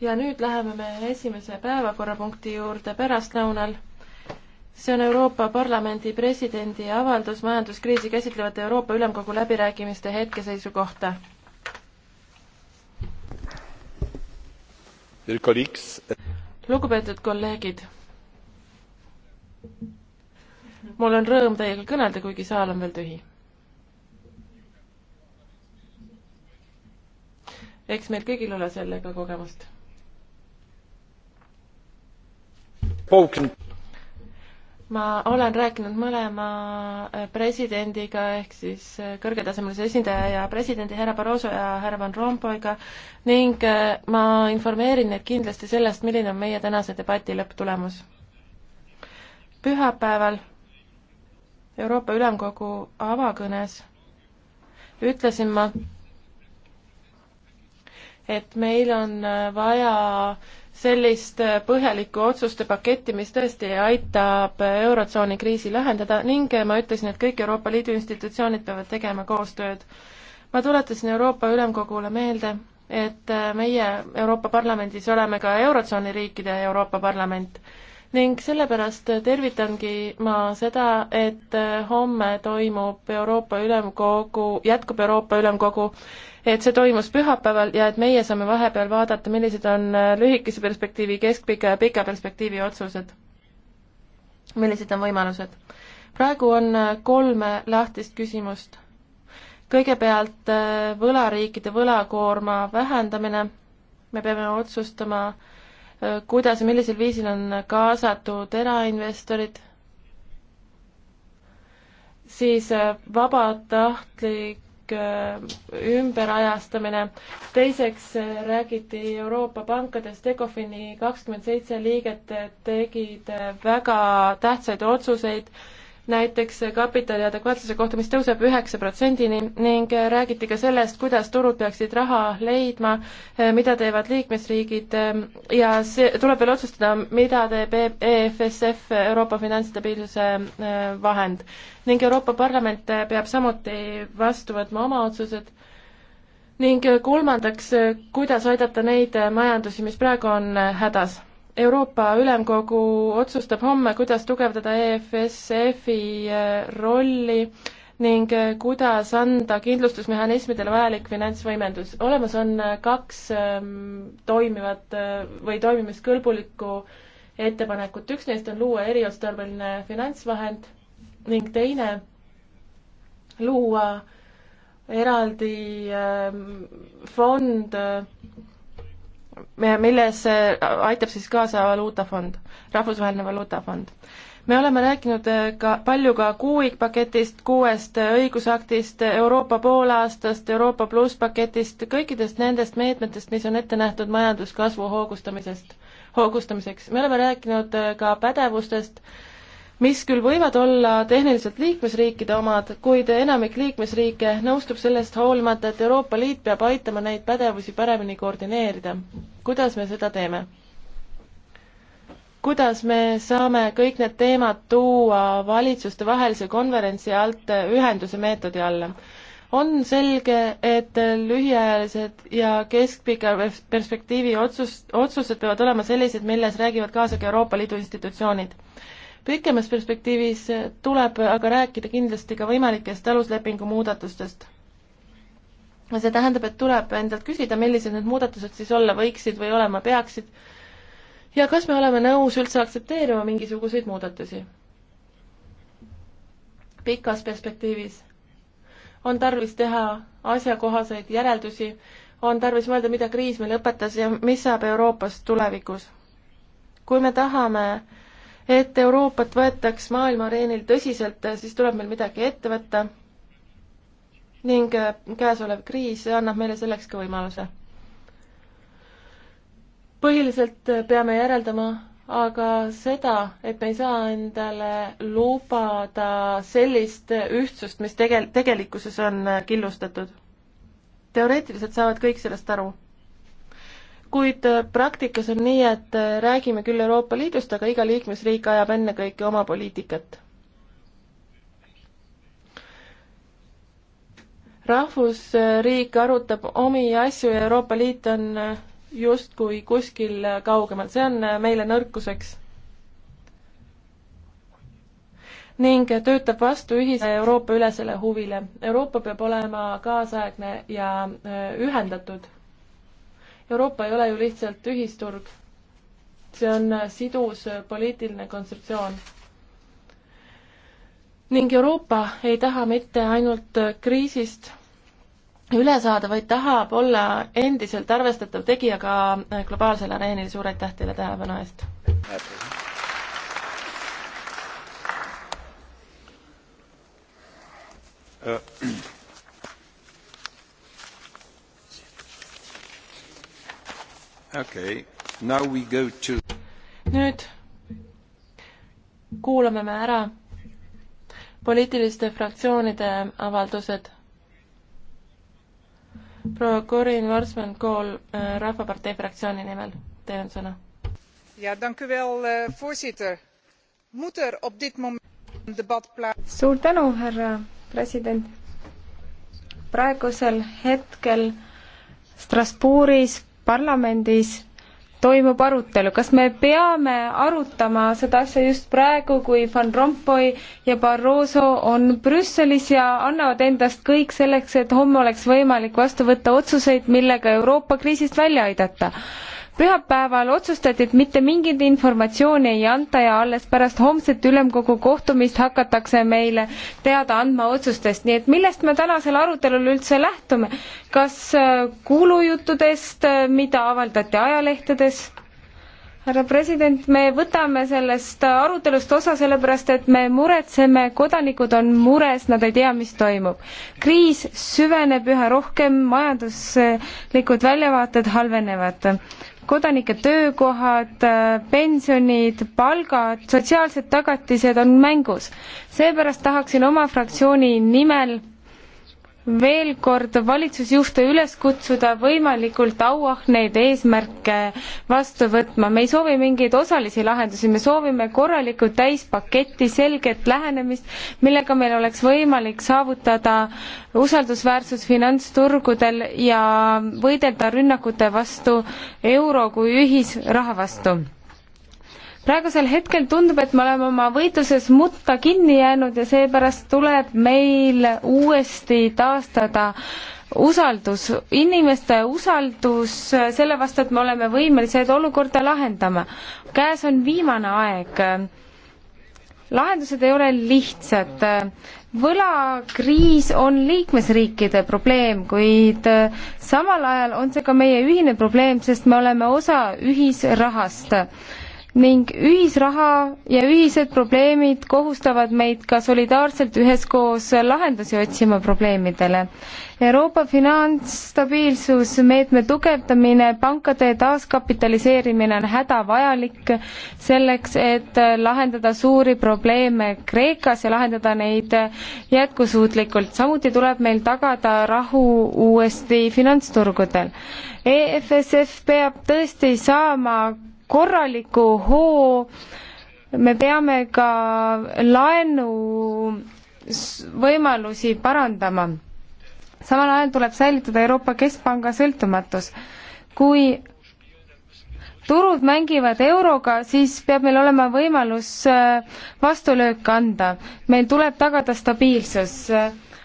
ja nüüd läheme me esimese päevakorrapunkti juurde pärastlõunal. see on Euroopa Parlamendi presidendi avaldus majanduskriisi käsitlevate Euroopa Ülemkogu läbirääkimiste hetkeseisu kohta. lugupeetud kolleegid, mul on rõõm teiega kõnelda, kuigi saal on veel tühi eks meil kõigil ole sellega kogemust ma olen rääkinud mõlema äh, presidendiga ehk siis äh, kõrgetasemelise esindaja ja presidendi härra Barroso ja härra Van Rompuyga ning äh, ma informeerin neid kindlasti sellest, milline on meie tänase debati lõpptulemus. pühapäeval Euroopa Ülemkogu avakõnes ütlesin ma, et meil on vaja sellist äh, põhjalikku otsuste paketti, mis tõesti aitab äh, Eurotsooni kriisi lahendada ning äh, ma ütlesin, et kõik Euroopa Liidu institutsioonid peavad tegema koostööd. ma tuletasin Euroopa Ülemkogule meelde, et meie Euroopa Parlamendis oleme ka Eurotsooni riikide Euroopa Parlament ning sellepärast tervitangi ma seda, et äh, homme toimub Euroopa Ülemkogu, jätkub Euroopa Ülemkogu, et see toimus pühapäeval ja et meie saame vahepeal vaadata, millised on äh, lühikese perspektiivi, keskpika ja pika perspektiivi otsused. millised on võimalused? praegu on äh, kolme lahtist küsimust. kõigepealt võlariikide võlakoorma vähendamine, me peame otsustama äh, kuidas ja millisel viisil on kaasatud erainvestorid, siis äh, vabatahtlik äh, ümberajastamine. teiseks äh, räägiti Euroopa pankadest, Ecofini kakskümmend seitse liiget tegid väga tähtsaid otsuseid näiteks kapitali adekvaatsuse kohta, mis tõuseb üheksa protsendini ning räägiti ka sellest, kuidas turud peaksid raha leidma, eh, mida teevad liikmesriigid eh, ja see, tuleb veel otsustada, mida teeb EFSF, Euroopa finantsstabiilsuse eh, vahend. ning Euroopa Parlament peab samuti vastu võtma oma otsused ning kolmandaks, kuidas aidata neid majandusi, mis praegu on hädas Euroopa Ülemkogu otsustab homme, kuidas tugevdada EFSF-i äh, rolli ning äh, kuidas anda kindlustusmehhanismidele vajalik finantsvõimendus. olemas on äh, kaks ähm, toimivat või toimimiskõlbulikku ettepanekut, üks neist on luua eriotstarbeline finantsvahend ning teine luua eraldi ähm, fond milles aitab siis kaasa valuutafond, rahvusvaheline valuutafond. me oleme rääkinud äh, ka palju ka kuuikpaketist, kuuest äh, õigusaktist, Euroopa poolaastast, Euroopa pluss paketist, kõikidest nendest meetmetest, mis on ette nähtud majanduskasvu hoogustamisest, hoogustamiseks. me oleme rääkinud äh, ka pädevustest, mis küll võivad olla tehniliselt liikmesriikide omad, kuid enamik liikmesriike nõustub sellest hoolimata, et Euroopa Liit peab aitama neid pädevusi paremini koordineerida. kuidas me seda teeme? kuidas me saame kõik need teemad tuua valitsustevahelise konverentsi alt ühenduse meetodi alla? on selge, et lühiajalised ja keskpika perspektiivi otsus, otsused peavad olema sellised, milles räägivad kaasa ka Euroopa Liidu institutsioonid pikemas perspektiivis tuleb aga rääkida kindlasti ka võimalikest aluslepingu muudatustest. see tähendab, et tuleb endalt küsida, millised need muudatused siis olla võiksid või olema peaksid ja kas me oleme nõus üldse aktsepteerima mingisuguseid muudatusi. pikas perspektiivis on tarvis teha asjakohaseid järeldusi, on tarvis mõelda, mida kriis meil õpetas ja mis saab Euroopast tulevikus. kui me tahame äh, et Euroopat võetaks maailma areenil tõsiselt, siis tuleb meil midagi ette võtta ning äh, käesolev kriis annab meile selleks ka võimaluse. põhiliselt äh, peame järeldama aga seda, et me ei saa endale lubada sellist ühtsust, mis tegel-, tegelikkuses on äh, killustatud. teoreetiliselt saavad kõik sellest aru kuid äh, praktikas on nii, et äh, räägime küll Euroopa Liidust, aga iga liikmesriik ajab ennekõike oma poliitikat. rahvusriik arutab omi asju ja Euroopa Liit on äh, justkui kuskil kaugemal, see on meile nõrkuseks. ning töötab vastu ühise Euroopa ülesele huvile. Euroopa peab olema kaasaegne ja ühendatud Euroopa ei ole ju lihtsalt ühisturg. see on äh, sidus äh, poliitiline konstruktsioon. ning Euroopa ei taha mitte ainult äh, kriisist üle saada, vaid tahab olla endiselt arvestatav tegija ka globaalsel areenil. suur aitäh teile tähelepanu eest! Uh, okay.. To... nüüd kuulame me ära poliitiliste fraktsioonide avaldused. proua Corin Varsman Kool äh, Rahvapartei fraktsiooni nimel, teil on sõna. ja tänku veel, äh, voorzitter. Moet er op dit moment een debat plaats-? suur tänu, härra president. praegusel hetkel Strasbourgis parlamendis toimub arutelu, kas me peame arutama seda asja just praegu, kui Van Rompuy ja Barroso on Brüsselis ja annavad endast kõik selleks, et homme oleks võimalik vastu võtta otsuseid, millega Euroopa kriisist välja aidata pühapäeval otsustati, et mitte mingit informatsiooni ei anta ja alles pärast homset ülemkogu kohtumist hakatakse meile teada andma otsustest, nii et millest me tänasel arutelul üldse lähtume? kas äh, kuulujuttudest, äh, mida avaldati ajalehtedes? härra president, me võtame sellest äh, arutelust osa sellepärast, et me muretseme, kodanikud on mures, nad ei tea, mis toimub. kriis süveneb üha rohkem, majanduslikud väljavaated halvenevad kodanike töökohad, pensionid, palgad, sotsiaalsed tagatised on mängus. seepärast tahaksin oma fraktsiooni nimel veel kord valitsusjuhte üles kutsuda võimalikult auahneid eesmärke vastu võtma. me ei soovi mingeid osalisi lahendusi, me soovime korralikku täispaketti, selget lähenemist, millega meil oleks võimalik saavutada usaldusväärsus finantsturgudel ja võidelda rünnakute vastu euro kui ühisraha vastu praegusel hetkel tundub, et me oleme oma võitluses mutta kinni jäänud ja seepärast tuleb meil uuesti taastada usaldus, inimeste usaldus selle vastu, et me oleme võimelised olukorda lahendama. käes on viimane aeg. lahendused ei ole lihtsad võlakriis on liikmesriikide probleem, kuid samal ajal on see ka meie ühine probleem, sest me oleme osa ühisrahast ning ühisraha ja ühised probleemid kohustavad meid ka solidaarselt üheskoos lahendusi otsima probleemidele. Euroopa finantsstabiilsusmeetme tugevdamine, pankade taaskapitaliseerimine on hädavajalik selleks, et lahendada suuri probleeme Kreekas ja lahendada neid jätkusuutlikult. samuti tuleb meil tagada rahu uuesti finantsturgudel. EFSF peab tõesti saama korraliku hoo, me peame ka laenu võimalusi parandama. samal ajal tuleb säilitada Euroopa Keskpanga sõltumatus. kui turud mängivad euroga, siis peab meil olema võimalus äh, vastulöök anda. meil tuleb tagada stabiilsus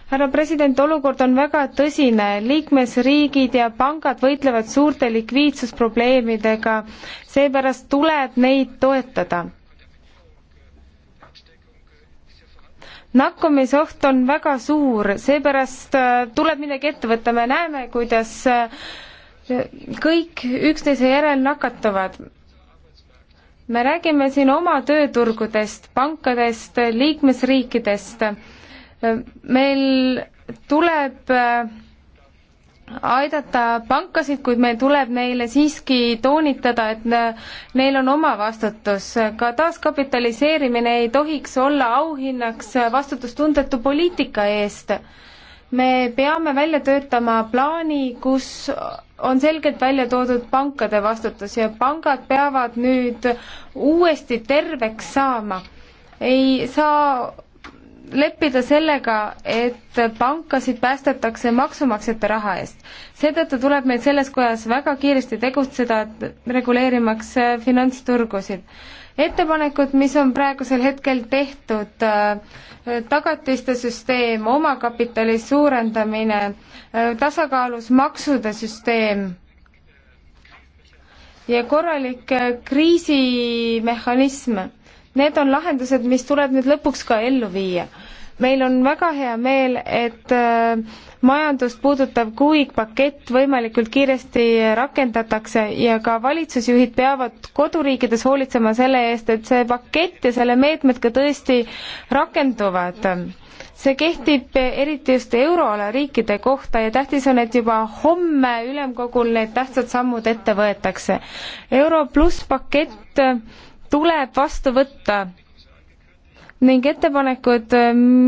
härra president, olukord on väga tõsine, liikmesriigid ja pangad võitlevad suurte likviidsusprobleemidega, seepärast tuleb neid toetada. nakkumisoht on väga suur, seepärast äh, tuleb midagi ette võtta, me näeme, kuidas äh, kõik üksteise järel nakatuvad me räägime siin oma tööturgudest, pankadest, liikmesriikidest meil tuleb äh, aidata pankasid, kuid meil tuleb neile siiski toonitada, et äh, neil on oma vastutus. ka taaskapitaliseerimine ei tohiks olla auhinnaks vastutustundetu poliitika eest. me peame välja töötama plaani, kus on selgelt välja toodud pankade vastutus ja pangad peavad nüüd uuesti terveks saama. ei saa leppida sellega, et pankasid päästetakse maksumaksjate raha eest. seetõttu tuleb meil selles kojas väga kiiresti tegutseda, reguleerimaks äh, finantsturgusid. ettepanekud, mis on praegusel hetkel tehtud, äh, tagatiste süsteem, omakapitali suurendamine, äh, tasakaalus maksude süsteem ja korralik kriisimehhanism Need on lahendused, mis tuleb nüüd lõpuks ka ellu viia. meil on väga hea meel, et äh, majandust puudutav kuuikpakett võimalikult kiiresti rakendatakse ja ka valitsusjuhid peavad koduriikides hoolitsema selle eest, et see pakett ja selle meetmed ka tõesti rakenduvad see kehtib eriti just euroala riikide kohta ja tähtis on, et juba homme ülemkogul need tähtsad sammud ette võetakse. euro pluss pakett tuleb vastu võtta ning ettepanekud,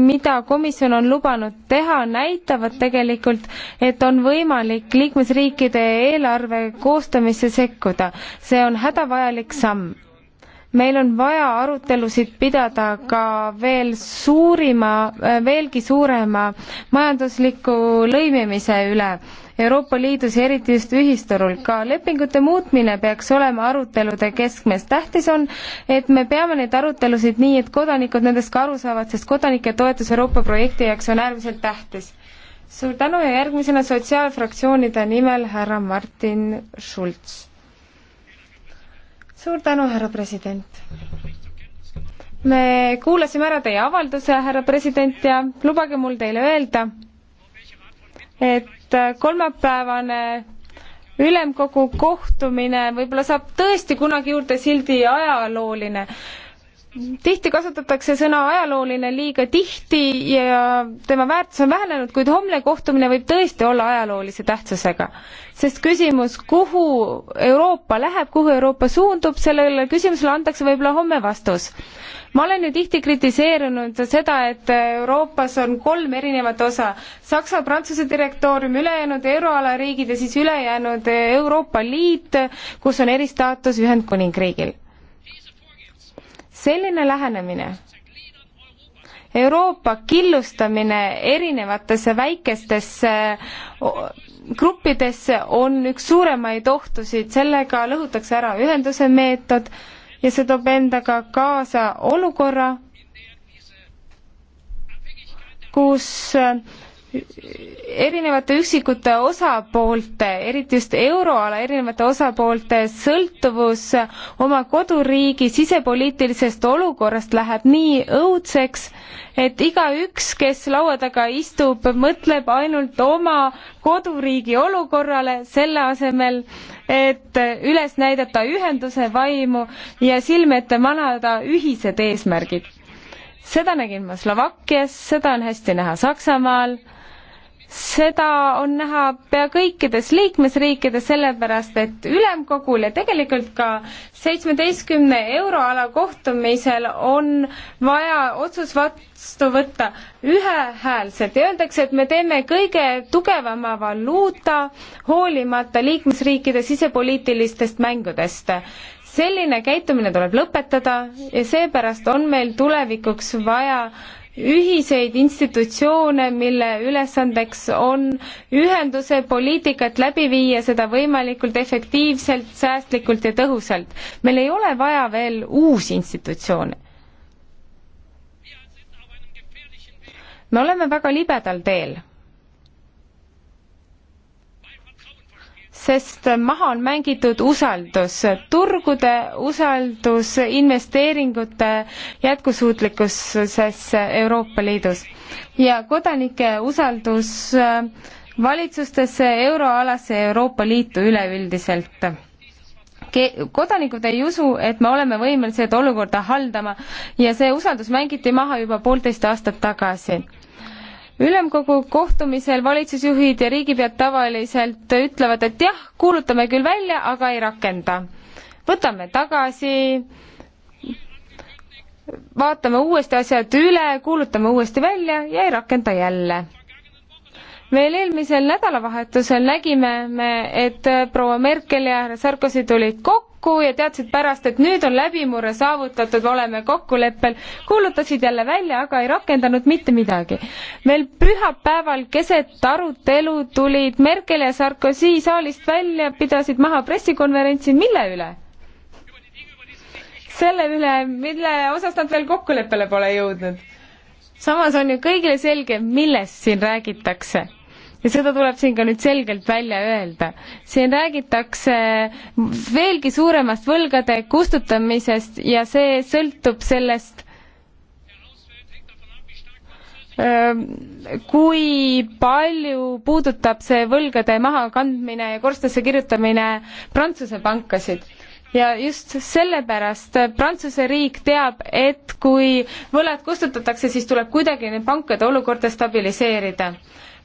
mida komisjon on lubanud teha, näitavad tegelikult, et on võimalik liikmesriikide eelarve koostamisse sekkuda. see on hädavajalik samm. meil on vaja arutelusid pidada ka veel suurima, veelgi suurema majandusliku lõimimise üle Euroopa Liidus ja eriti just ühisturul. ka lepingute muutmine peaks olema arutelude keskmes. tähtis on, et me peame neid arutelusid nii, et kodanikud nendest ka aru saavad, sest kodanike toetus Euroopa projekti jaoks on äärmiselt tähtis. suur tänu ja järgmisena sotsiaalfraktsioonide nimel härra Martin Schulz. suur tänu, härra president me kuulasime ära teie avalduse, härra president, ja lubage mul teile öelda, et kolmapäevane ülemkogu kohtumine võib-olla saab tõesti kunagi juurde sildi ajalooline tihti kasutatakse sõna ajalooline liiga tihti ja tema väärtus on vähenenud, kuid homne kohtumine võib tõesti olla ajaloolise tähtsusega. sest küsimus, kuhu Euroopa läheb, kuhu Euroopa suundub, sellele küsimusele antakse võib-olla homme vastus. ma olen ju tihti kritiseerinud seda, et Euroopas on kolm erinevat osa. Saksa-Prantsuse direktoorium, ülejäänud euroala riigid ja siis ülejäänud Euroopa Liit, kus on eristaatus Ühendkuningriigil selline lähenemine, Euroopa killustamine erinevatesse väikestesse gruppidesse on üks suuremaid ohtusid, sellega lõhutakse ära ühenduse meetod ja see toob endaga kaasa olukorra, kus äh, erinevate üksikute osapoolte, eriti just euroala erinevate osapoolte sõltuvus oma koduriigi sisepoliitilisest olukorrast läheb nii õudseks, et igaüks, kes laua taga istub, mõtleb ainult oma koduriigi olukorrale, selle asemel, et üles näidata ühenduse vaimu ja silme ette manada ühised eesmärgid seda nägin ma Slovakkias, seda on hästi näha Saksamaal seda on näha pea kõikides liikmesriikides, sellepärast et ülemkogul ja tegelikult ka seitsmeteistkümne euroala kohtumisel on vaja otsus vastu võtta ühehäälselt ja öeldakse, et me teeme kõige tugevama valuuta hoolimata liikmesriikide sisepoliitilistest mängudest selline käitumine tuleb lõpetada ja seepärast on meil tulevikuks vaja ühiseid institutsioone, mille ülesandeks on ühenduse poliitikat läbi viia, seda võimalikult efektiivselt, säästlikult ja tõhusalt. meil ei ole vaja veel uusi institutsioone. me oleme väga libedal teel sest maha on mängitud usaldus, turgude usaldus investeeringute jätkusuutlikkusesse Euroopa Liidus ja kodanike usaldus äh, valitsustesse, euroalasse ja Euroopa Liitu üleüldiselt kodanikud ei usu, et me oleme võimelised olukorda haldama ja see usaldus mängiti maha juba poolteist aastat tagasi ülemkogu kohtumisel valitsusjuhid ja riigipead tavaliselt ütlevad, et jah, kuulutame küll välja, aga ei rakenda. võtame tagasi, vaatame uuesti asjad üle, kuulutame uuesti välja ja ei rakenda jälle veel eelmisel nädalavahetusel nägime me, et äh, proua Merkel ja härra Sarkozy tulid kokku ja teadsid pärast, et nüüd on läbimurre saavutatud, oleme kokkuleppel, kuulutasid jälle välja, aga ei rakendanud mitte midagi. veel pühapäeval keset arutelu tulid Merkel ja Sarkozy saalist välja, pidasid maha pressikonverentsi, mille üle? selle üle, mille osas nad veel kokkuleppele pole jõudnud samas on ju kõigile selge, millest siin räägitakse ja seda tuleb siin ka nüüd selgelt välja öelda. siin räägitakse veelgi suuremast võlgade kustutamisest ja see sõltub sellest, ähm, kui palju puudutab see võlgade mahakandmine ja korstnasse kirjutamine Prantsuse pankasid? ja just sellepärast Prantsuse riik teab, et kui võlad kustutatakse, siis tuleb kuidagi need pankade olukorda stabiliseerida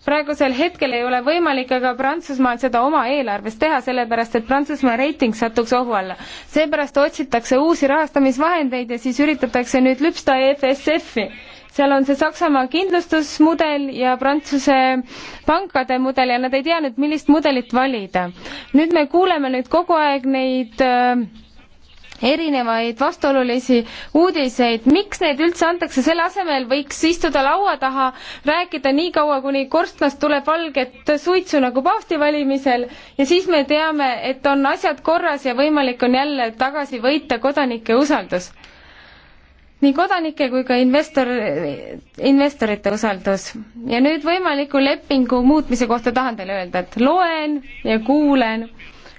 praegusel hetkel ei ole võimalik aga Prantsusmaal seda oma eelarvest teha, sellepärast et Prantsusmaa reiting satuks ohu alla. seepärast otsitakse uusi rahastamisvahendeid ja siis üritatakse nüüd lüpsta EFSF-i. seal on see Saksamaa kindlustusmudel ja Prantsuse pankade mudel ja nad ei tea nüüd, millist mudelit valida. nüüd me kuuleme nüüd kogu aeg neid äh, erinevaid vastuolulisi uudiseid. miks neid üldse antakse, selle asemel võiks istuda laua taha, rääkida nii kaua, kuni korstnast tuleb valget suitsu nagu paavsti valimisel ja siis me teame, et on asjad korras ja võimalik on jälle tagasi võita kodanike usaldus nii kodanike kui ka investor, investorite usaldus. ja nüüd võimaliku lepingu muutmise kohta tahan teile öelda, et loen ja kuulen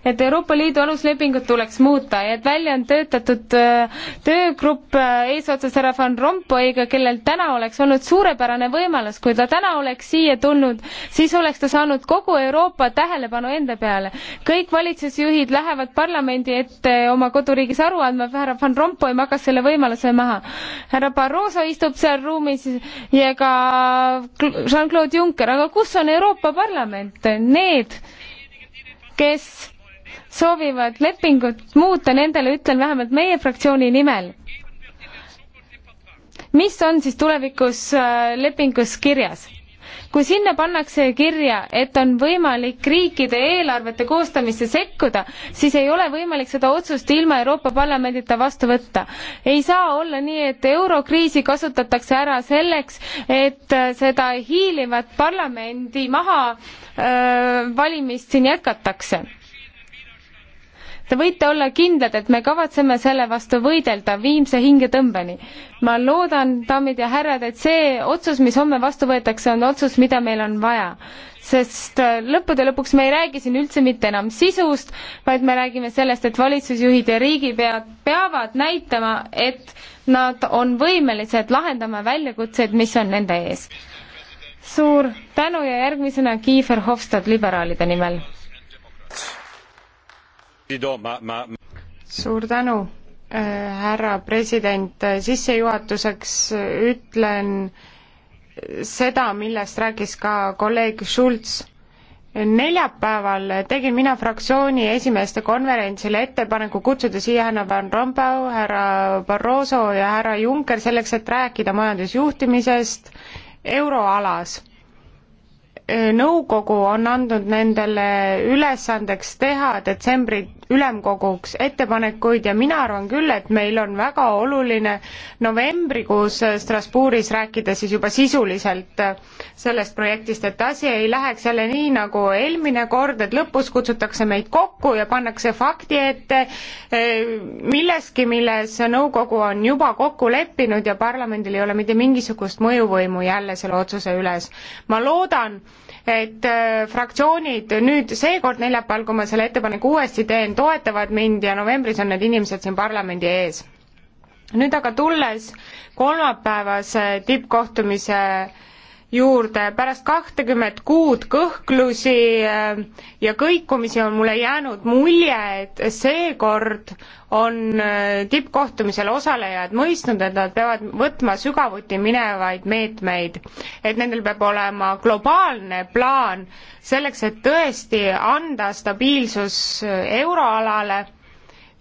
et Euroopa Liidu aluslepingut tuleks muuta ja et välja on töötatud äh, töögrupp äh, eesotsas härra Van Rompuyga, kellel täna oleks olnud suurepärane võimalus, kui ta täna oleks siia tulnud, siis oleks ta saanud kogu Euroopa tähelepanu enda peale. kõik valitsusjuhid lähevad parlamendi ette oma koduriigis aru andma, härra Van Rompuy magas selle võimaluse maha. härra Barroso istub seal ruumis ja ka Jean-Claude Juncker, aga kus on Euroopa Parlament, need, kes soovivad lepingut muuta, nendele ütlen vähemalt meie fraktsiooni nimel. mis on siis tulevikus äh, lepingus kirjas? kui sinna pannakse kirja, et on võimalik riikide eelarvete koostamisse sekkuda, siis ei ole võimalik seda otsust ilma Euroopa Parlamendita vastu võtta. ei saa olla nii, et eurokriisi kasutatakse ära selleks, et äh, seda hiilivat parlamendi maha öö, äh, valimist siin jätkatakse Te võite olla kindlad, et me kavatseme selle vastu võidelda viimse hingetõmbeni. ma loodan, daamid ja härrad, et see otsus, mis homme vastu võetakse, on otsus, mida meil on vaja. sest äh, lõppude lõpuks me ei räägi siin üldse mitte enam sisust, vaid me räägime sellest, et valitsusjuhid ja riigipead peavad näitama, et nad on võimelised lahendama väljakutseid, mis on nende ees. suur tänu ja järgmisena Kiefer Hofstad liberaalide nimel suur tänu, äh, härra president, sissejuhatuseks äh, ütlen äh, seda, millest rääkis ka kolleeg Schulz neljapäeval tegin mina fraktsiooni esimeeste konverentsile ettepaneku kutsuda siia härra Van Rompuy, härra Barroso ja härra Juncker selleks, et rääkida majandusjuhtimisest euroalas. nõukogu on andnud nendele ülesandeks teha detsembri ülemkoguks ettepanekuid ja mina arvan küll, et meil on väga oluline novembrikuus Strasbourgis rääkida siis juba sisuliselt sellest projektist, et asi ei läheks jälle nii, nagu eelmine kord, et lõpus kutsutakse meid kokku ja pannakse fakti ette milleski, milles nõukogu on juba kokku leppinud ja parlamendil ei ole mitte mingisugust mõjuvõimu jälle selle otsuse üles. ma loodan, et äh, fraktsioonid nüüd seekord neljapäeval, kui ma selle ettepaneku uuesti teen, toetavad mind ja novembris on need inimesed siin parlamendi ees. nüüd aga tulles kolmapäevase tippkohtumise juurde. pärast kahtekümmet kuud kõhklusi äh, ja kõikumisi on mulle jäänud mulje, et seekord on äh, tippkohtumisel osalejad mõistnud, et nad peavad võtma sügavuti minevaid meetmeid. et nendel peab olema globaalne plaan selleks, et tõesti anda stabiilsus äh, euroalale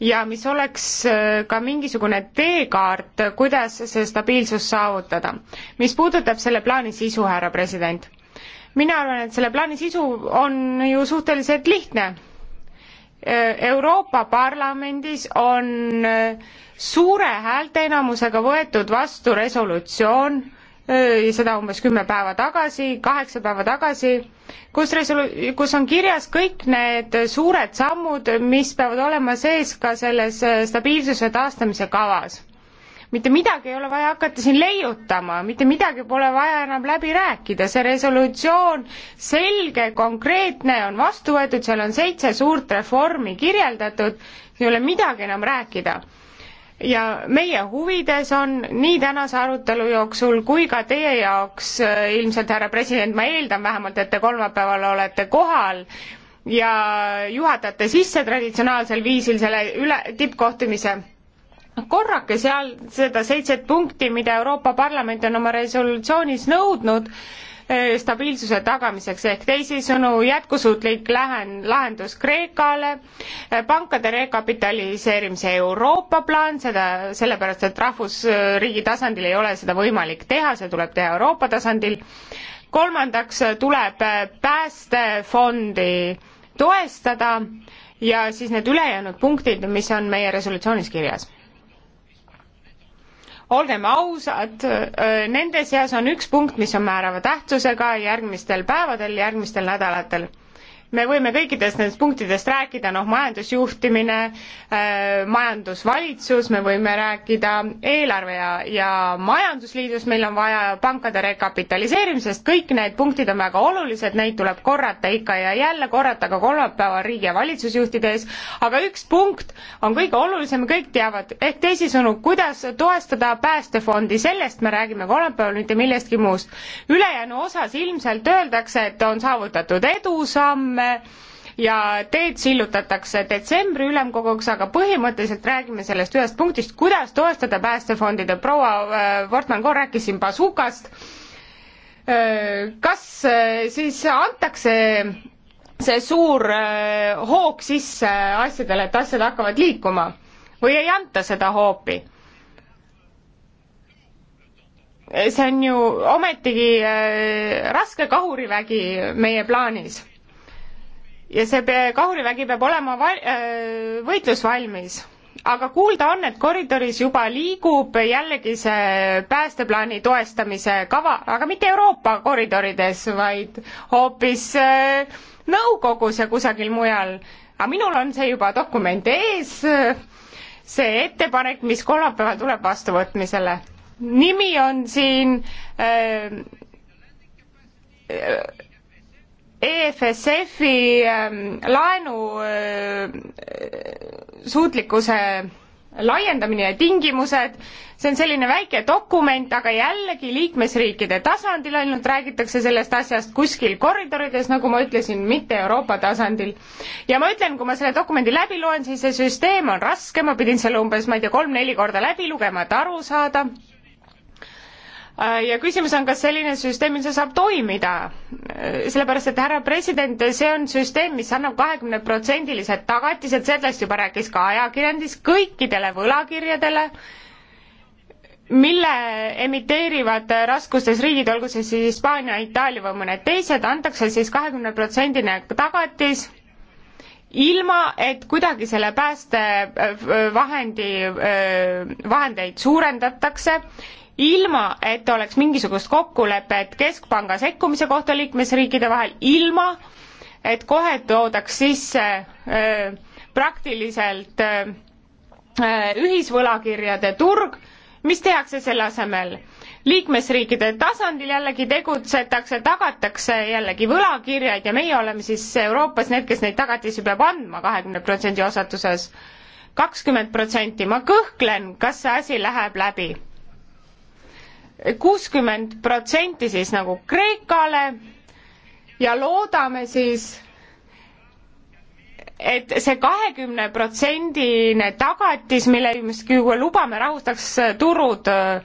ja mis oleks äh, ka mingisugune teekaart, kuidas see stabiilsus saavutada. mis puudutab selle plaani sisu, härra president, mina arvan, et selle plaani sisu on ju suhteliselt lihtne. Äh, Euroopa Parlamendis on äh, suure häälteenamusega võetud vastu resolutsioon, Äh, seda umbes kümme päeva tagasi, kaheksa päeva tagasi, kus resolu-, kus on kirjas kõik need suured sammud, mis peavad olema sees ka selles äh, stabiilsuse taastamise kavas. mitte midagi ei ole vaja hakata siin leiutama, mitte midagi pole vaja enam läbi rääkida, see resolutsioon selge, konkreetne on vastu võetud, seal on seitse suurt reformi kirjeldatud, ei ole midagi enam rääkida ja meie huvides on nii tänase arutelu jooksul kui ka teie jaoks äh, ilmselt, härra president, ma eeldan vähemalt, et te kolmapäeval olete kohal ja juhatate sisse traditsionaalsel viisil selle üle, tippkohtumise korrake seal seda seitset punkti, mida Euroopa Parlament on oma resolutsioonis nõudnud Äh, stabiilsuse tagamiseks ehk teisisõnu jätkusuutlik lähen-, lahendus Kreekale, äh, pankade rekapitaliseerimise Euroopa plaan, seda sellepärast, et rahvusriigi tasandil ei ole seda võimalik teha, see tuleb teha Euroopa tasandil, kolmandaks tuleb äh, päästefondi toestada ja siis need ülejäänud punktid, mis on meie resolutsioonis kirjas olgem ausad, äh, nende seas on üks punkt, mis on määrava tähtsusega järgmistel päevadel, järgmistel nädalatel me võime kõikidest nendest punktidest rääkida, noh, majandusjuhtimine, äh, majandusvalitsus, me võime rääkida eelarve ja, ja majandusliidust, meil on vaja pankade rekapitaliseerimisest, kõik need punktid on väga olulised, neid tuleb korrata ikka ja jälle, korrata ka kolmapäeval riigi ja valitsusjuhtide ees, aga üks punkt on kõige olulisem, kõik teavad, ehk teisisõnu, kuidas toestada päästefondi, sellest me räägime kolmapäeval, mitte millestki muust. ülejäänu osas ilmselt öeldakse, et on saavutatud edusamme, teeme ja teed sillutatakse detsembri ülemkoguks, aga põhimõtteliselt räägime sellest ühest punktist, kuidas toestada päästefondide, proua äh, Wortmann-Kool rääkis siin bazukast, äh, kas äh, siis antakse see suur hoog sisse asjadele, et asjad hakkavad liikuma või ei anta seda hoopi? see on ju ometigi raske kahurivägi meie plaanis ja see kahurivägi peab olema val-, äh, võitlusvalmis. aga kuulda on, et koridoris juba liigub jällegi see päästeplaani toestamise kava, aga mitte Euroopa koridorides, vaid hoopis äh, nõukogus ja kusagil mujal. aga minul on see juba dokument ees, see ettepanek, mis kolmapäeval tuleb vastuvõtmisele. nimi on siin öö, äh, öö, EFSF-i ähm, laenu äh, suutlikkuse laiendamine ja tingimused, see on selline väike dokument, aga jällegi liikmesriikide tasandil ainult räägitakse sellest asjast kuskil koridorides, nagu ma ütlesin, mitte Euroopa tasandil. ja ma ütlen, kui ma selle dokumendi läbi loen, siis see süsteem on raske, ma pidin selle umbes, ma ei tea, kolm-neli korda läbi lugema, et aru saada Äh, ja küsimus on, kas selline süsteem üldse saab toimida, äh, sellepärast et härra president, see on süsteem, mis annab kahekümneprotsendilised tagatised, sellest juba rääkis ka ajakirjandus, kõikidele võlakirjadele, mille emiteerivad raskustes riigid, olgu see siis Hispaania, Itaalia või mõned teised, antakse siis kahekümneprotsendine tagatis ilma, et kuidagi selle päästevahendi, vahendeid suurendatakse ilma, et oleks mingisugust kokkulepet Keskpanga sekkumise kohta liikmesriikide vahel, ilma et kohe toodaks sisse öö, praktiliselt öö, ühisvõlakirjade turg, mis tehakse selle asemel? liikmesriikide tasandil jällegi tegutsetakse, tagatakse jällegi võlakirjaid ja meie oleme siis Euroopas need, kes neid tagatisi peab andma kahekümne protsendi osatuses. kakskümmend protsenti, ma kõhklen, kas see asi läheb läbi kuuskümmend protsenti siis nagu Kreekale ja loodame siis, et see kahekümne protsendine tagatis, mille me lubame, rahustaks turud äh,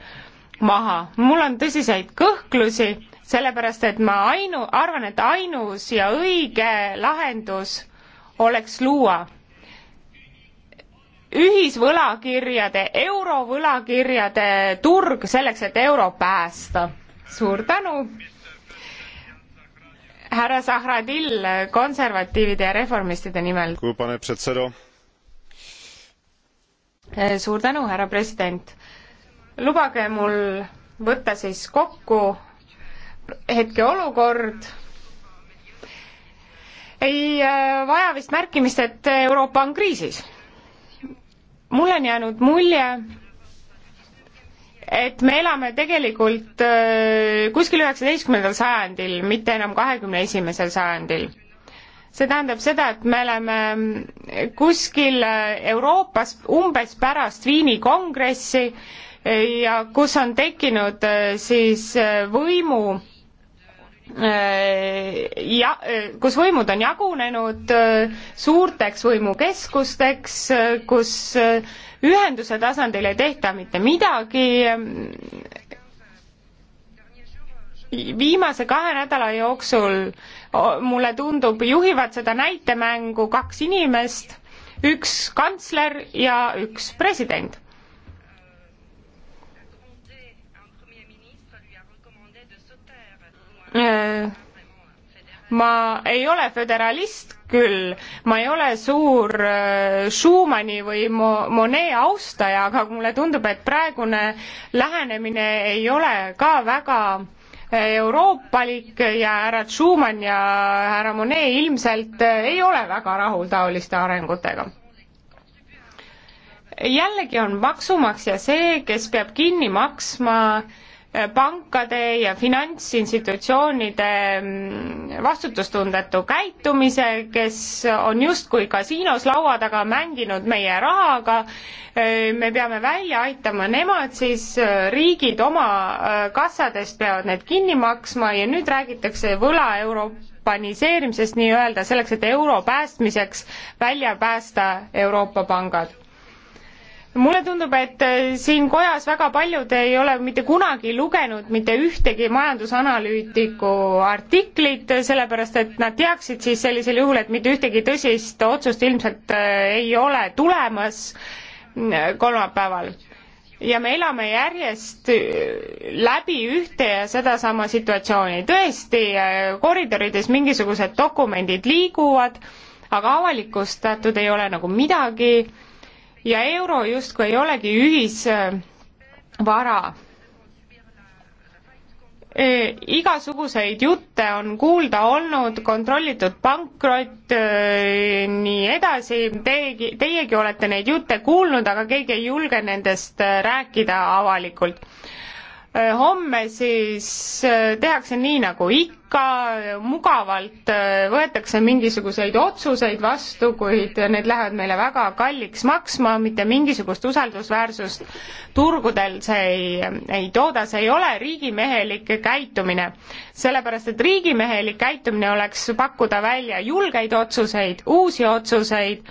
maha. mul on tõsiseid kõhklusi, sellepärast et ma ainu, arvan, et ainus ja õige lahendus oleks luua ühisvõlakirjade, eurovõlakirjade turg selleks, et euro päästa. suur tänu! härra Zahradil konservatiivide ja reformistide nimel. suur tänu, härra president! lubage mul võtta siis kokku hetkeolukord ei äh, vaja vist märkimist, et Euroopa on kriisis mul on jäänud mulje, et me elame tegelikult äh, kuskil üheksateistkümnendal sajandil, mitte enam kahekümne esimesel sajandil. see tähendab seda, et me oleme kuskil äh, Euroopas umbes pärast Viini kongressi äh, ja kus on tekkinud siis võimu Äh, ja äh, kus võimud on jagunenud äh, suurteks võimukeskusteks, kus ühenduse tasandil ei tehta mitte midagi. viimase kahe nädala jooksul mulle tundub, juhivad seda näitemängu kaks inimest, üks kantsler ja üks president Äh, ma ei ole föderalist küll, ma ei ole suur äh, Schumanni või Mo-, Monet austaja, aga mulle tundub, et praegune lähenemine ei ole ka väga äh, euroopalik ja härra Schumann ja härra Monet ilmselt ei ole väga rahul taoliste arengutega. jällegi on maksumaksja see, kes peab kinni maksma äh, pankade ja finantsinstitutsioonide mm, vastutustundetu käitumise, kes on justkui kasiinos laua taga mänginud meie rahaga. me peame välja aitama nemad, siis riigid oma äh, kassadest peavad need kinni maksma ja nüüd räägitakse võla euro paniseerimisest nii-öelda selleks, et euro päästmiseks välja päästa Euroopa pangad mulle tundub, et äh, siin kojas väga paljud ei ole mitte kunagi lugenud mitte ühtegi majandusanalüütiku artiklit, sellepärast et nad teaksid siis sellisel juhul, et mitte ühtegi tõsist otsust ilmselt äh, ei ole tulemas äh, kolmapäeval. ja me elame järjest läbi ühte ja sedasama situatsiooni, tõesti, koridorides mingisugused dokumendid liiguvad, aga avalikustatud ei ole nagu midagi ja euro justkui ei olegi ühisvara e, igasuguseid jutte on kuulda olnud, kontrollitud pankrot, e, nii edasi, teiegi, teiegi olete neid jutte kuulnud, aga keegi ei julge nendest e, rääkida avalikult. Äh, homme siis äh, tehakse nii nagu ikka, mugavalt äh, võetakse mingisuguseid otsuseid vastu, kuid need lähevad meile väga kalliks maksma, mitte mingisugust usaldusväärsust turgudel see ei, ei tooda, see ei ole riigimehelik käitumine. sellepärast, et riigimehelik käitumine oleks pakkuda välja julgeid otsuseid, uusi otsuseid,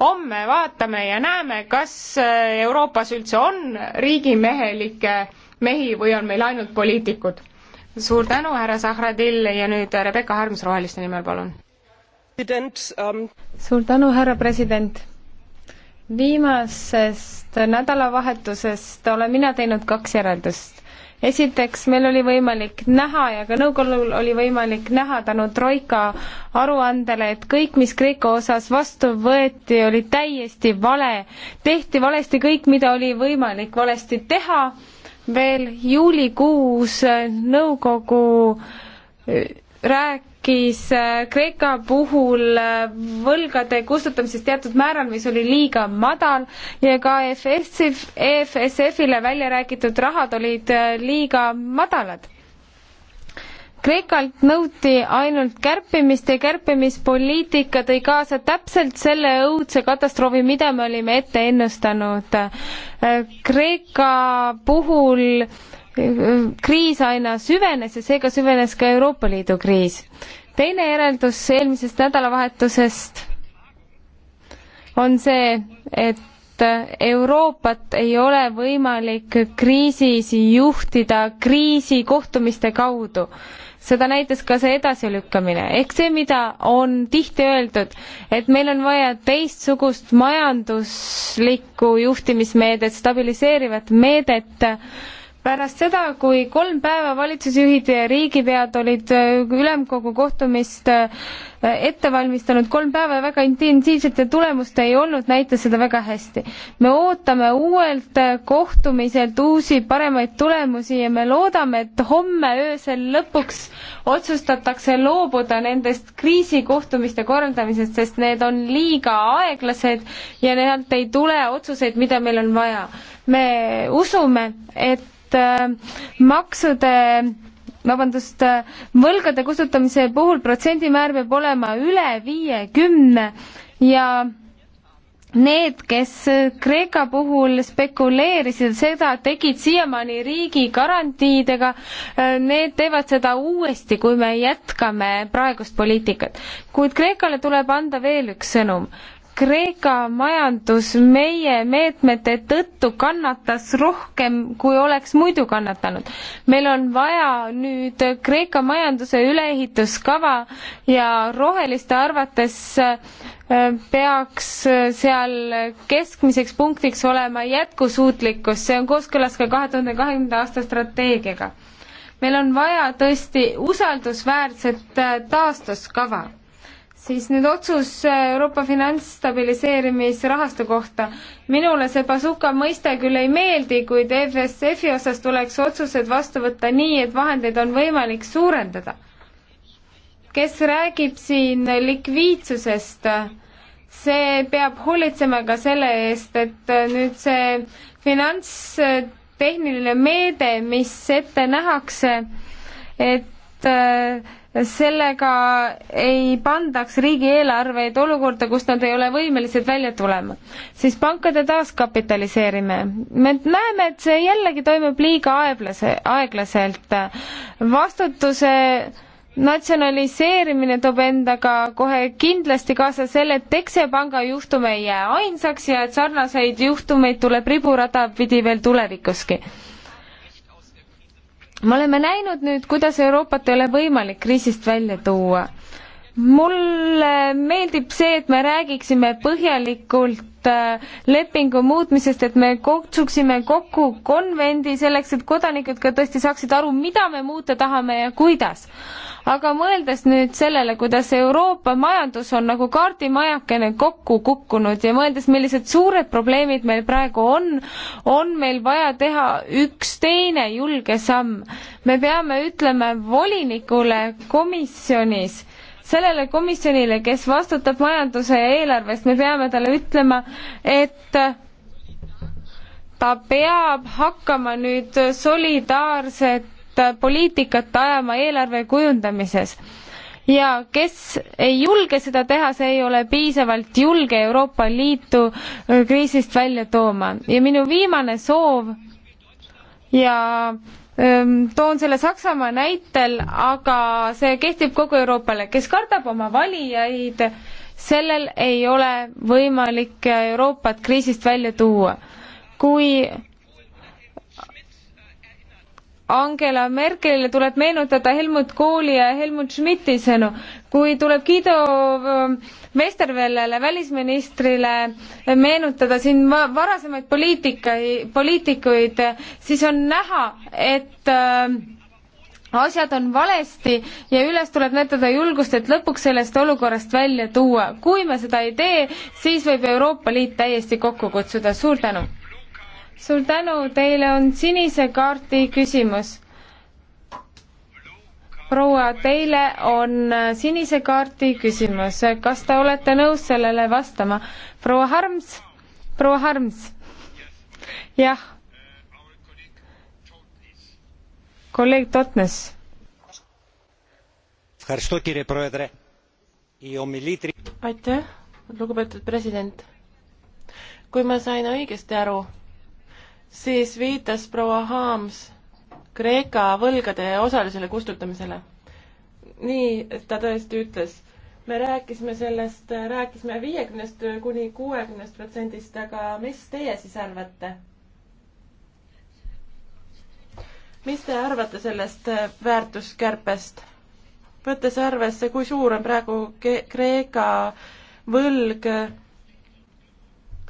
homme vaatame ja näeme, kas Euroopas üldse on riigimehelikke mehi või on meil ainult poliitikud? suur tänu, härra Zahradil ja nüüd Rebecca Harms Roheliste nimel, palun. Um... suur tänu, härra president. viimasest nädalavahetusest olen mina teinud kaks järeldust esiteks meil oli võimalik näha ja ka nõukogul oli võimalik näha tänu Troika aruandele, et kõik, mis Kreeka osas vastu võeti, oli täiesti vale. tehti valesti kõik, mida oli võimalik valesti teha veel juulikuus nõukogu äh, rääkis äh, Kreeka puhul äh, võlgade kustutamisest teatud määral, mis oli liiga madal ja ka EFSF, EFSF-ile välja räägitud rahad olid liiga madalad Kreekalt nõuti ainult kärpimist ja kärpimispoliitika tõi kaasa täpselt selle õudse katastroofi, mida me olime ette ennustanud. Kreeka puhul eh, kriis aina süvenes ja seega süvenes ka Euroopa Liidu kriis. teine järeldus eelmisest nädalavahetusest on see, et Euroopat ei ole võimalik kriisis juhtida kriisikohtumiste kaudu seda näitas ka see edasilükkamine, ehk see, mida on tihti öeldud, et meil on vaja teistsugust majanduslikku juhtimismeedet, stabiliseerivat meedet, pärast seda, kui kolm päeva valitsusjuhid ja riigipead olid äh, ülemkogu kohtumist äh, ette valmistanud kolm päeva väga intensiivset ja tulemust ei olnud, näitas seda väga hästi. me ootame uuelt äh, kohtumiselt uusi paremaid tulemusi ja me loodame, et homme öösel lõpuks otsustatakse loobuda nendest kriisikohtumiste korraldamisest, sest need on liiga aeglased ja neilt ei tule otsuseid, mida meil on vaja. me usume, et et äh, maksude vabandust, äh, võlgade kustutamise puhul protsendimäär peab olema üle viiekümne ja need, kes Kreeka puhul spekuleerisid seda, tegid siiamaani riigi garantiidega, äh, need teevad seda uuesti, kui me jätkame praegust poliitikat. kuid Kreekale tuleb anda veel üks sõnum. Kreeka majandus meie meetmete tõttu kannatas rohkem, kui oleks muidu kannatanud. meil on vaja nüüd Kreeka majanduse üleehituskava ja roheliste arvates äh, peaks äh, seal keskmiseks punktiks olema jätkusuutlikkus, see on kooskõlas ka kahe tuhande kahekümnenda aasta strateegiaga. meil on vaja tõesti usaldusväärset äh, taastuskava siis nüüd otsus äh, Euroopa finantsstabiliseerimisrahastu kohta. minule see bazooka mõiste küll ei meeldi, kuid EFSF-i osas tuleks otsused vastu võtta nii, et vahendeid on võimalik suurendada. kes räägib siin likviidsusest, see peab hoolitsema ka selle eest, et äh, nüüd see finantstehniline meede, mis ette nähakse, et äh, sellega ei pandaks riigieelarveid olukorda, kus nad ei ole võimelised välja tulema. siis pankade taaskapitaliseerimine. me näeme, et see jällegi toimub liiga aeglase, aeglaselt. vastutuse natsionaliseerimine toob endaga kohe kindlasti kaasa selle, et Tekse panga juhtum ei jää ainsaks ja et sarnaseid juhtumeid tuleb riburada pidi veel tulevikuski me oleme näinud nüüd, kuidas Euroopat ei ole võimalik kriisist välja tuua mulle meeldib see, et me räägiksime põhjalikult äh, lepingu muutmisest, et me kutsuksime kokku konvendi selleks, et kodanikud ka tõesti saaksid aru, mida me muuta tahame ja kuidas. aga mõeldes nüüd sellele, kuidas Euroopa majandus on nagu kaardimajakene kokku kukkunud ja mõeldes, millised suured probleemid meil praegu on, on meil vaja teha üks teine julge samm. me peame ütlema volinikule komisjonis, sellele komisjonile, kes vastutab majanduse ja eelarvest, me peame talle ütlema, et ta peab hakkama nüüd solidaarset poliitikat ajama eelarve kujundamises. ja kes ei julge seda teha, see ei ole piisavalt julge Euroopa Liitu kriisist välja tooma ja minu viimane soov ja toon selle Saksamaa näitel, aga see kehtib kogu Euroopale, kes kardab oma valijaid, sellel ei ole võimalik Euroopat kriisist välja tuua. kui Angela Merkelile tuleb meenutada Helmut Kooli ja Helmut Schmidti sõnu. kui tuleb Guido ähm, Westerwellele, välisministrile, äh, meenutada siin varasemaid poliitikaid, poliitikuid, siis on näha, et äh, asjad on valesti ja üles tuleb näidata julgust, et lõpuks sellest olukorrast välja tuua. kui me seda ei tee, siis võib Euroopa Liit täiesti kokku kutsuda. suur tänu! suur tänu, teile on sinise kaardi küsimus. proua, teile on sinise kaardi küsimus, kas te olete nõus sellele vastama? proua Harms, proua Harms. jah. kolleeg Totnes. aitäh, lugupeetud president. kui ma sain õigesti aru siis viitas proua Haams Kreeka võlgade osalisele kustutamisele. nii ta tõesti ütles. me rääkisime sellest, rääkisime viiekümnest kuni kuuekümnest protsendist, aga mis teie siis arvate? mis te arvate sellest väärtuskärpest? võttes arvesse, kui suur on praegu Kreeka võlg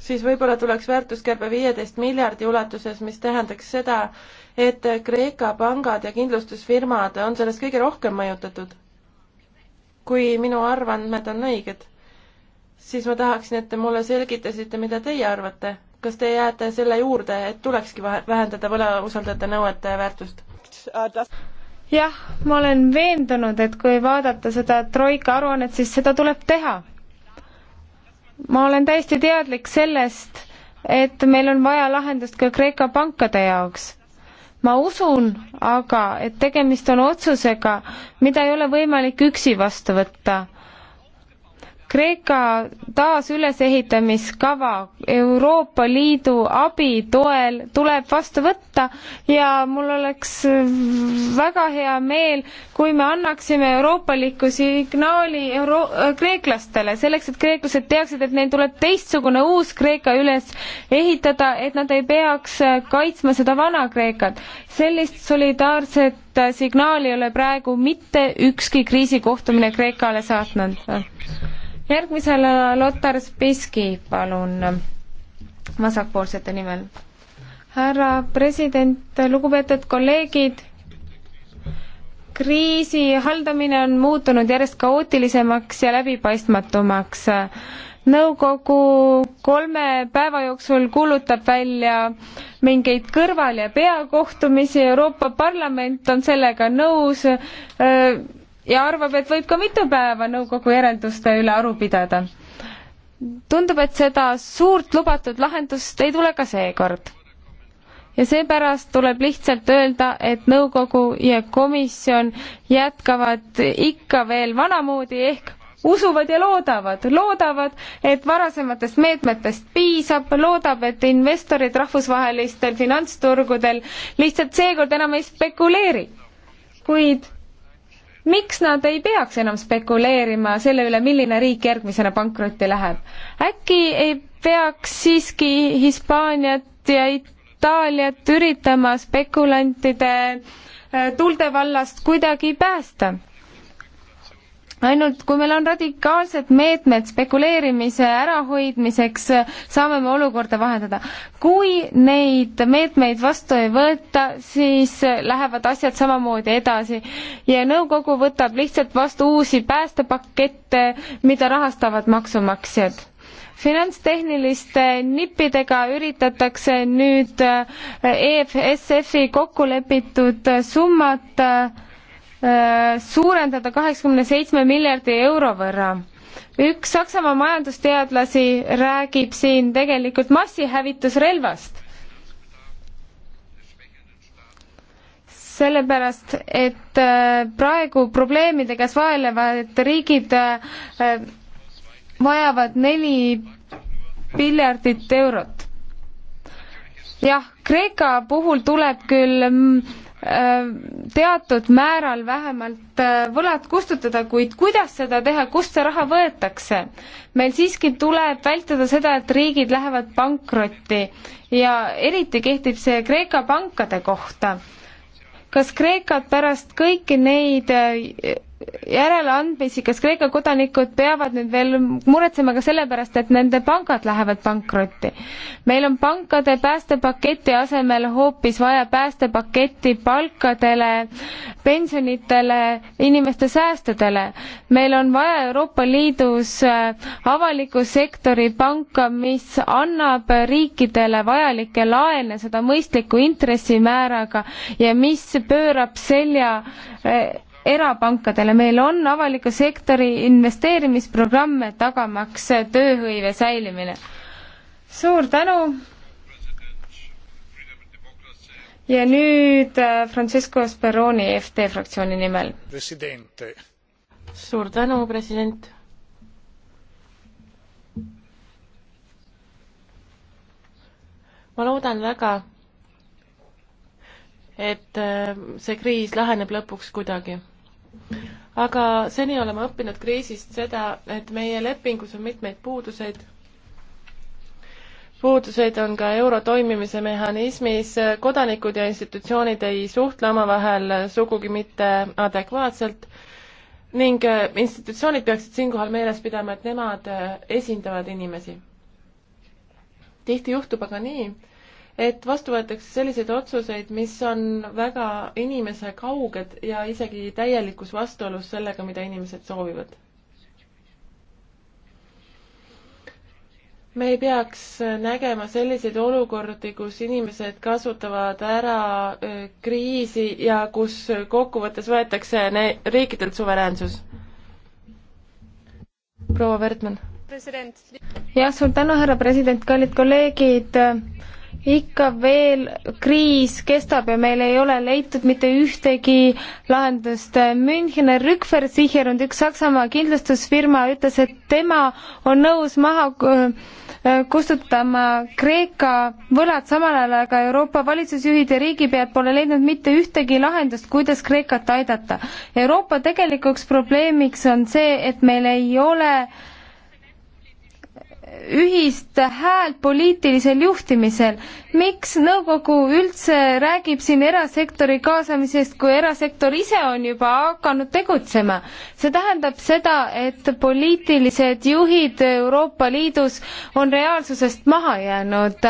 siis võib-olla tuleks väärtuskärbe viieteist miljardi ulatuses, mis tähendaks seda, et Kreeka pangad ja kindlustusfirmad on sellest kõige rohkem mõjutatud. kui minu arvandmed on õiged, siis ma tahaksin, et te mulle selgitasite, mida teie arvate. kas te jääte selle juurde, et tulekski vähendada võlausaldajate nõuete väärtust? jah, ma olen veendunud, et kui vaadata seda Troika aruannet, siis seda tuleb teha ma olen täiesti teadlik sellest, et meil on vaja lahendust ka Kreeka pankade jaoks. ma usun aga, et tegemist on otsusega, mida ei ole võimalik üksi vastu võtta Kreeka taasülesehitamiskava Euroopa Liidu abi toel tuleb vastu võtta ja mul oleks väga hea meel, kui me annaksime euroopaliku signaali euro-, kreeklastele, selleks et kreeklased teaksid, et neil tuleb teistsugune uus Kreeka üles ehitada, et nad ei peaks kaitsma seda vana Kreekat. sellist solidaarset signaali ei ole praegu mitte ükski kriisikohtumine Kreekale saatnud järgmisena Lotar Spiski, palun, vasakpoolsete nimel. härra president, lugupeetud kolleegid, kriisi haldamine on muutunud järjest kaootilisemaks ja läbipaistmatumaks. nõukogu kolme päeva jooksul kuulutab välja mingeid kõrval- ja peakohtumisi, Euroopa Parlament on sellega nõus öö, äh, ja arvab, et võib ka mitu päeva nõukogu järelduste üle aru pidada. tundub, et seda suurt lubatud lahendust ei tule ka seekord. ja seepärast tuleb lihtsalt öelda, et nõukogu ja komisjon jätkavad ikka veel vanamoodi ehk usuvad ja loodavad, loodavad, et varasematest meetmetest piisab, loodab, et investorid rahvusvahelistel finantsturgudel lihtsalt seekord enam ei spekuleeri. kuid miks nad ei peaks enam spekuleerima selle üle, milline riik järgmisena pankrotti läheb? äkki ei peaks siiski Hispaaniat ja Itaaliat üritama spekulantide äh, tulde vallast kuidagi päästa? ainult kui meil on radikaalsed meetmed spekuleerimise ärahoidmiseks, saame me olukorda vahendada. kui neid meetmeid vastu ei võeta, siis lähevad asjad samamoodi edasi ja nõukogu võtab lihtsalt vastu uusi päästepakette, mida rahastavad maksumaksjad finantstehniliste nippidega üritatakse nüüd EFSF-i kokku lepitud summat Äh, suurendada kaheksakümne seitsme miljardi euro võrra. üks Saksamaa majandusteadlasi räägib siin tegelikult massihävitusrelvast. sellepärast, et äh, praegu probleemidega vaelevad riigid äh, vajavad neli miljardit eurot. jah, Kreeka puhul tuleb küll mm, Äh, teatud määral vähemalt äh, võlad kustutada, kuid kuidas seda teha, kust see raha võetakse? meil siiski tuleb vältida seda, et riigid lähevad pankrotti ja eriti kehtib see Kreeka pankade kohta. kas Kreekad pärast kõiki neid äh, järeleandmisi, kas Kreeka kodanikud peavad nüüd veel muretsema ka sellepärast, et nende pangad lähevad pankrotti? meil on pankade päästepaketi asemel hoopis vaja päästepaketti palkadele, pensionitele, inimeste säästudele. meil on vaja Euroopa Liidus äh, avaliku sektori panka, mis annab riikidele vajalikke laene, seda mõistliku intressimääraga ja mis pöörab selja äh, erapankadele, meil on avaliku sektori investeerimisprogramme, tagamaks tööhõive säilimine. suur tänu! ja nüüd äh, Francesco Speroni e FD fraktsiooni nimel. suur tänu, president! ma loodan väga, et äh, see kriis laheneb lõpuks kuidagi aga seni oleme õppinud kriisist seda, et meie lepingus on mitmeid puuduseid. puuduseid on ka euro toimimise mehhanismis, kodanikud ja institutsioonid ei suhtle omavahel sugugi mitte adekvaatselt ning institutsioonid peaksid siinkohal meeles pidama, et nemad esindavad inimesi. tihti juhtub aga nii, et vastu võetakse selliseid otsuseid, mis on väga inimese kauged ja isegi täielikus vastuolus sellega, mida inimesed soovivad. me ei peaks nägema selliseid olukordi, kus inimesed kasutavad ära kriisi ja kus kokkuvõttes võetakse riikidelt suveräänsus. proua Vertmann. jah, suur tänu, härra president, kallid kolleegid ikka veel kriis kestab ja meil ei ole leitud mitte ühtegi lahendust. Münchner Rückversicher und üks Saksamaa kindlustusfirma ütles, et tema on nõus maha äh, kustutama Kreeka võlad, samal ajal aga Euroopa valitsusjuhid ja riigipead pole leidnud mitte ühtegi lahendust, kuidas Kreekat aidata. Euroopa tegelikuks probleemiks on see, et meil ei ole äh, ühist häält poliitilisel juhtimisel. miks nõukogu üldse räägib siin erasektori kaasamisest, kui erasektor ise on juba hakanud tegutsema? see tähendab seda, et poliitilised juhid Euroopa Liidus on reaalsusest maha jäänud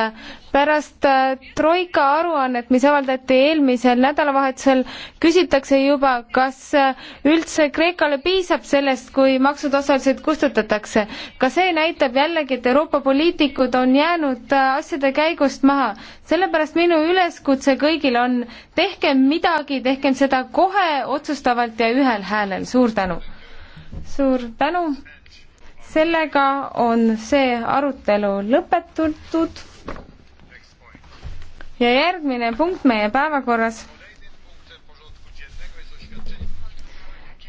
pärast äh, Troika aruannet, mis avaldati eelmisel nädalavahetusel, küsitakse juba, kas äh, üldse Kreekale piisab sellest, kui maksud osaliselt kustutatakse. ka see näitab jällegi, et Euroopa poliitikud on jäänud äh, asjade käigust maha. sellepärast minu üleskutse kõigile on, tehkem midagi, tehkem seda kohe, otsustavalt ja ühel häälel. suur tänu! suur tänu! sellega on see arutelu lõpetatud ja järgmine punkt meie päevakorras.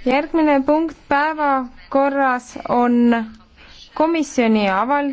järgmine punkt päevakorras on komisjoni aval-.